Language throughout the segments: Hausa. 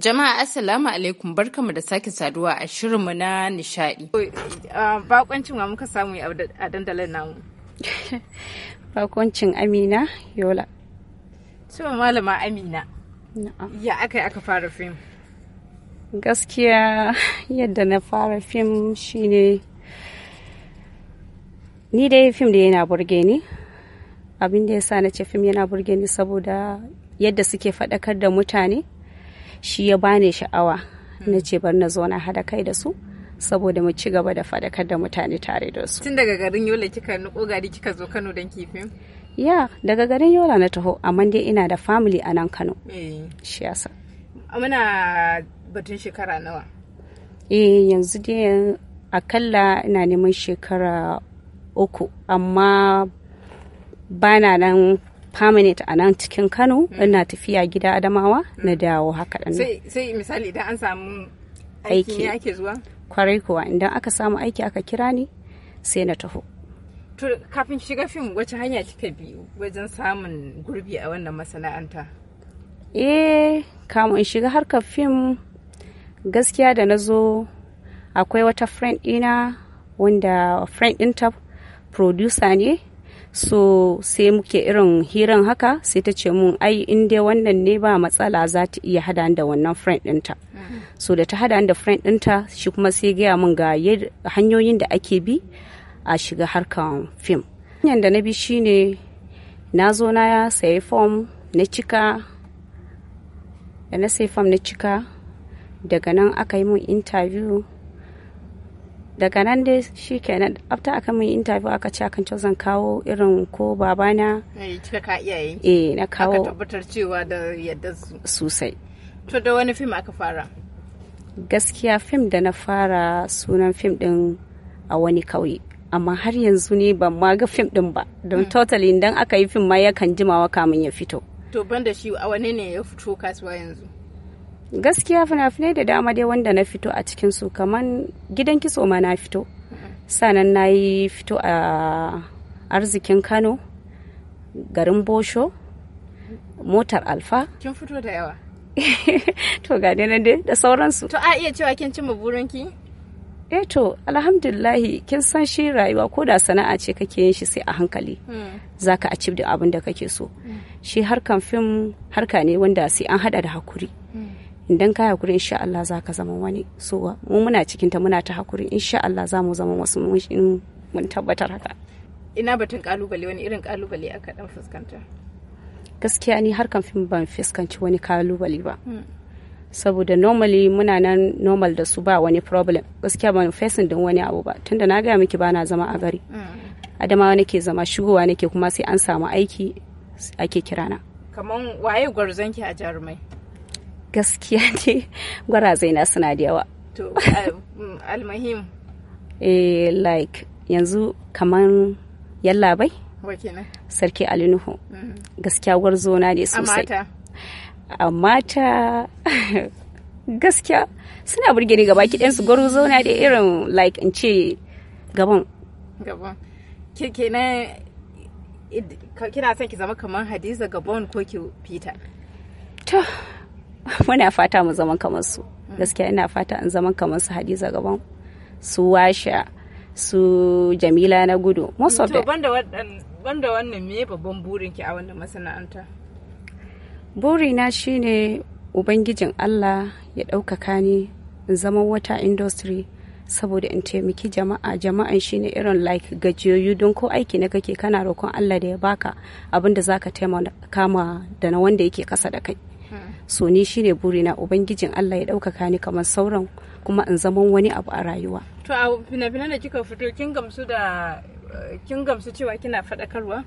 Jama'a Assalamu alaikum barkamu da sake saduwa a shirinmu na nishadi. Bakoncin wa muka samu a dandalin namu. Bakoncin Amina Yola. Cewa malama Amina. Ya aka yi aka fara fim? Gaskiya yadda na fara fim shine ni dai fim da yana burge ni. Abin da ya sa na ce fim yana burge ni saboda yadda suke faɗakar da mutane. shi ya bani sha'awa hmm. na ce bar na zauna hada kai da su saboda mu ci gaba da fadakar da mutane tare da su tun daga garin yola kika nuko gari kika zo kano don kifin ya daga garin yola na taho amma dai ina da family a nan kano eh. shi yasa muna batun shekara nawa eh yanzu dai akalla ina neman shekara uku amma ba na nan permanent a nan cikin kano mm. ina tafiya gida adamawa na mm. dawo haka dan sai misali idan an samu aiki ne ake zuwa kwarai kuwa idan aka samu aiki aka kira ni sai na taho kafin shiga fim wace hanya kika bi wajen samun gurbi a wannan masana'anta eh kamun in shiga harkar fim gaskiya da na zo akwai wata friend ɗina wanda friend ɗinta producer ne so sai muke irin hiran haka sai ta ce mun ai in dai wannan ne ba matsala za ta iya hada da wannan friend ɗinta mm. so da ta hada da friend ɗinta shi kuma sai gaya mun ga hanyoyin da ake bi a shiga harkan fim hanyar da na bi shine na zo na sayi fom na cika da na sayi fom na cika daga nan aka yi mun interview daga nan dai shi kenan after aka min interview aka ce akan zan kawo irin ko babana eh, kika ka iyaye eh na kawo aka tabbatar cewa da yadda su sosai to da wani fim aka fara gaskiya fim da na fara sunan fim din a wani kauye amma har yanzu ne ban ma ga fim din ba don mm. totally idan aka yi fim ma yakan jimawa kamun ya fito to ban shi a wani ne ya fito kasuwa yanzu gaskiya fina-finai da dama dai wanda na fito a cikin su kamar gidan kitso ma na fito sanan na yi fito a arzikin kano garin bosho motar alfa kin fito da yawa to ga dai da sauransu to a iya cewa kin cimma burinki eh to alhamdulillahi kin san shi rayuwa ko da sana'a ce kake yin shi sai a hankali hmm. zaka achieve da abin da kake so hmm. shi harkan fim harka ne wanda sai an hada da hakuri hmm. idan ka hakuri insha Allah za ka zama wani so mu muna cikinta muna ta hakuri insha Allah za mu zama wasu mun tabbatar haka ina batun kalubale wani irin kalubale aka dan fuskanta gaskiya ni kan fim ban fuskanci wani kalubale ba hmm. saboda normally muna nan normal da su ba wani problem gaskiya ban fesin din wani abu ba tunda na gaya miki bana zama a gari hmm. adamawa nake zama shigowa nake kuma sai an samu aiki ake kirana kaman waye ki a jarumai gaskiya ne na suna da yawa to um, almahim eh like yanzu kaman yallabai sarki alinuhu mm-hmm. gaskiya gwarzona ne sosai a mata gaskiya suna burge ni gaba kiɗansu gwarzona da irin like in ce gaban gaban kenan kina son ki zama kamar hadiza gabon ko ki fita to muna fata mu zama kamar su gaskiya ina fata in zama kamar su hadiza gaban su washa su jamila na gudu most of banda wannan me babban burin ki a wannan masana'anta burina shine ubangijin allah ya ɗaukaka ni in zama wata industry saboda in taimaki jama'a jama'an shine irin like gajiyoyi don ko aiki na kake kana roƙon Allah da ya baka abin da zaka taimaka ma da na wanda yake kasa da kai so ni shine na ubangijin Allah ya ɗaukaka ni kamar sauran kuma in zama wani abu a rayuwa to a fina fina da kika fito kin gamsu da kin gamsu cewa kina faɗakarwa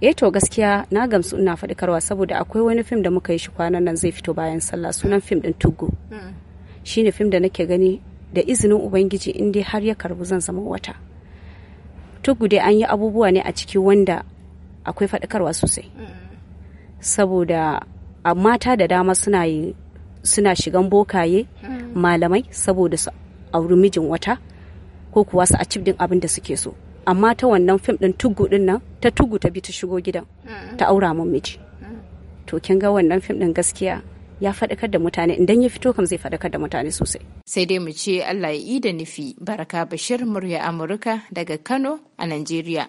eh to gaskiya na gamsu ina faɗakarwa saboda akwai wani fim da muka yi shi kwanan nan zai fito bayan sallah sunan fim ɗin tugu hmm. shine fim da nake gani da izinin ubangiji in dai har ya karbu zan zama wata tugu dai an yi abubuwa ne a ciki wanda akwai faɗakarwa sosai hmm. saboda mata da dama suna suna shigan bokaye hmm. malamai saboda su auri mijin wata ko kuwa su a din abin da suke so amma ta wannan fim din tugu din nan ta tugu ta bi ta shigo gidan hmm. ta aura mun miji hmm. to kin ga wannan fim din gaskiya ya faɗakar da mutane idan ya fito kam zai faɗakar da mutane sosai. Sai dai mu ce Allah ya yi da nufi Baraka Bashir murya Amurka daga Kano a Najeriya.